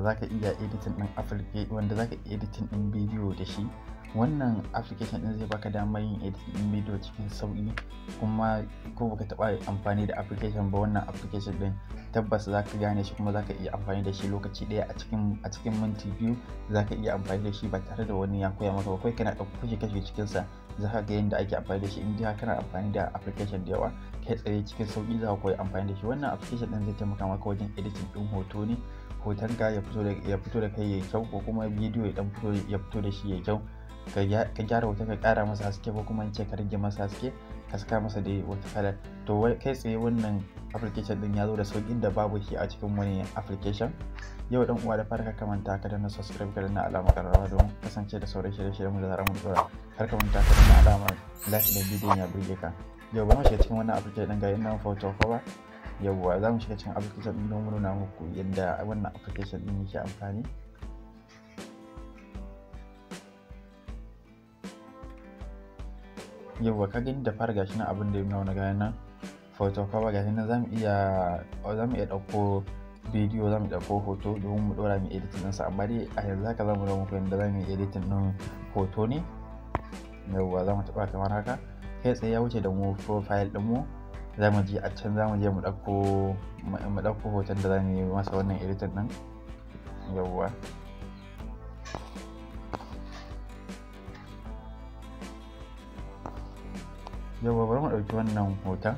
zaka za ka iya editing ɗin wanda zaka editing ɗin video da shi wannan application ɗin zai baka damar yin editing ɗin video cikin sauki kuma ko baka taɓa amfani da application ba wannan application ɗin tabbas za ka gane shi kuma za ka iya amfani da shi lokaci ɗaya a cikin a cikin minti biyu za ka iya amfani da shi ba tare da wani ya koya maka ba kai kana ɗauko kashe kashe cikin za zaka ga yadda ake amfani da shi in dai kana amfani da application da yawa kai tsaye cikin sauki za koyi amfani da shi wannan application ɗin zai taimaka maka wajen editing ɗin hoto ne ka ya fito da kai ya kyau ko kuma bidiyo ya dan fito ya fito da shi ya kyau ka gyara hoton ka kara masa haske ko kuma ce ka rage masa haske ka saka masa da wata kala to kai tsaye wannan application din ya zo da sauƙin da babu shi a cikin wani application yau dan uwa da fara ka kamanta ka danna subscribe ka danna alamar rawa don kasance da sauran shirye shirye mu da zaran mu tsora har ka manta ka danna alama like na bidiyon ya burge ka yau ba mu shiga cikin wannan application din ga nan photo cover yawwa za mu shiga cikin application ɗin don mu nuna muku yadda wannan application ɗin yake amfani yawwa ka gani da fara gashi na abin da ya nuna wani gani nan photo cover gashi nan za mu iya za mu iya ɗauko bidiyo za mu ɗauko hoto domin mu ɗora mu editing ɗinsa amma dai a yanzu haka za mu zama muku yadda za mu yi editing ɗin hoto ne yawwa za mu taɓa kamar haka kai tsaye ya wuce da mu profile ɗin mu za mu je a can za mu je mu ɗauko hoton da za mu yi masa wannan editin ɗin yawwa yawwa bari mu ɗauki wannan hoton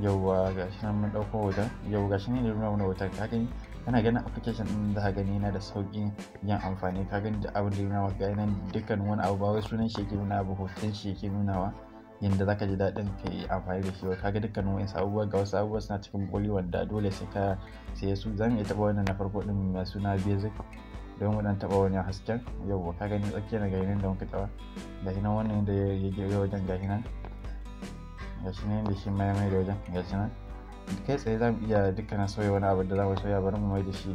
yawwa ga shi nan mun ɗauko hoton yawwa ga shi ne nuna mana hoton ka gani kana ganin application ɗin da gani yana da sauƙi yin amfani ka gani da abin da nuna maka ga yanayin dukkan wani abu ba wai sunan shi yake nuna ba hoton shi yake nunawa yadda za ka ji daɗin ka yi amfani da shi ba kaga dukkanin wa'in abubuwa ga wasu abubuwa suna cikin ƙoli wanda dole sai ka sai su zan iya taɓa wannan na farko ɗin mai suna basic don mu ɗan taɓa wani hasken yau ka gani tsakiyar na gani da muka taɓa gashi nan wannan yadda ya gero wajen gashi nan shi nan da shi mai mai da wajen gashi nan kai tsaye za mu iya dukkanin sauya wani abu da zamu sauya bari mu mai da shi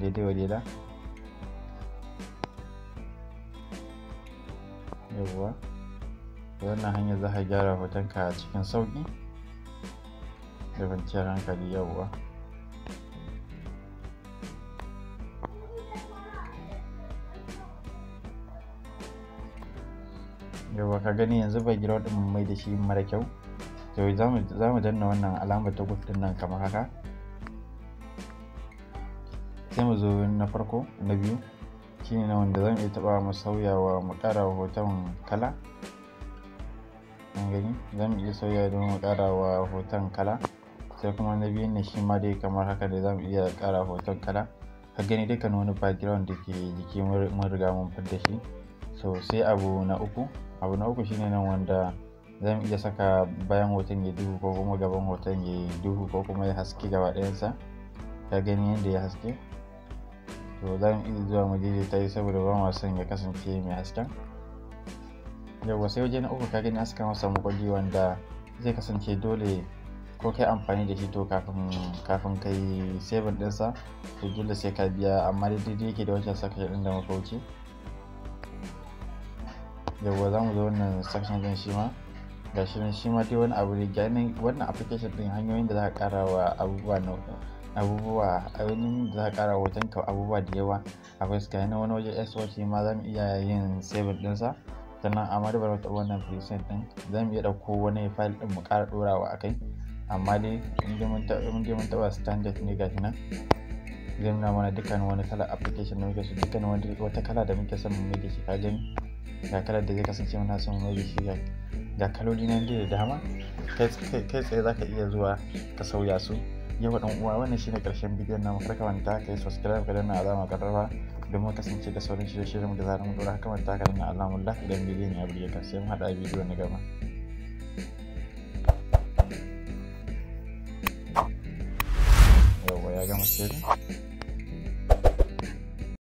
daidai wa daida yawwa da wannan hanya za a gyara hotonka a cikin sauki da kwanciyar hankali yauwa yauwa ka gani yanzu bai gira waɗin mai da shi mara kyau Yau za mu danna wannan alamar ta gudun nan kamar haka sai mu zo na farko na biyu shine na wanda zan iya taɓa mu sauyawa mu ƙara hoton kala gani za iya sauya don mu ƙara wa hoton kala sai kuma na biyan na shi ma dai kamar haka da za mu iya kara hoton kala ka gani dukkan wani background da ke jiki mun riga mun fidda shi so sai abu na uku abu na uku shine nan wanda za iya saka bayan hoton ya duhu ko kuma gaban hoton ya duhu ko kuma ya haske gaba ɗayansa ka gani yadda ya haske to za mu iya zuwa mu daidaita yi saboda ba ma son ya kasance mai hasken yawa sai waje na uku ka gani aka masa magwaji wanda zai kasance dole ko kai amfani da shi to kafin kafin kai saving dinsa to dole sai ka biya amma daidai yake da wancan sakashen din da muka wuce yawa za mu zo wannan section din shi ma ga shi nan shi ma dai wani abu ne gani wannan application din hanyoyin da za ka kara wa abubuwa na abubuwa ainihin da za ka kara wajen ka abubuwa da yawa akwai su na wani wajen s shi ma za mu iya yin saving dinsa. sannan a madabar wata wannan preset din zan iya dauko wani file din mu kara dorawa a kai amma dai in dai mun taɓa standard ne ga nan zai nuna mana dukkan wani kala application da muke so dukkan wata kala da muke son mu mai da shi ka gani ga kalar da zai kasance muna son mu mai da shi ga kaloli nan da dama kai tsaye za ka iya zuwa ka sauya su yau dan uwa wannan ne karshen bidiyon namu farka manta ka yi subscribe ka danna alama karrara domin kasance da sauran shirye-shiryen da zaran mu dora haka manta ka danna alamun like idan bidiyon ya burge ka sai mu hada bidiyo na gaba gama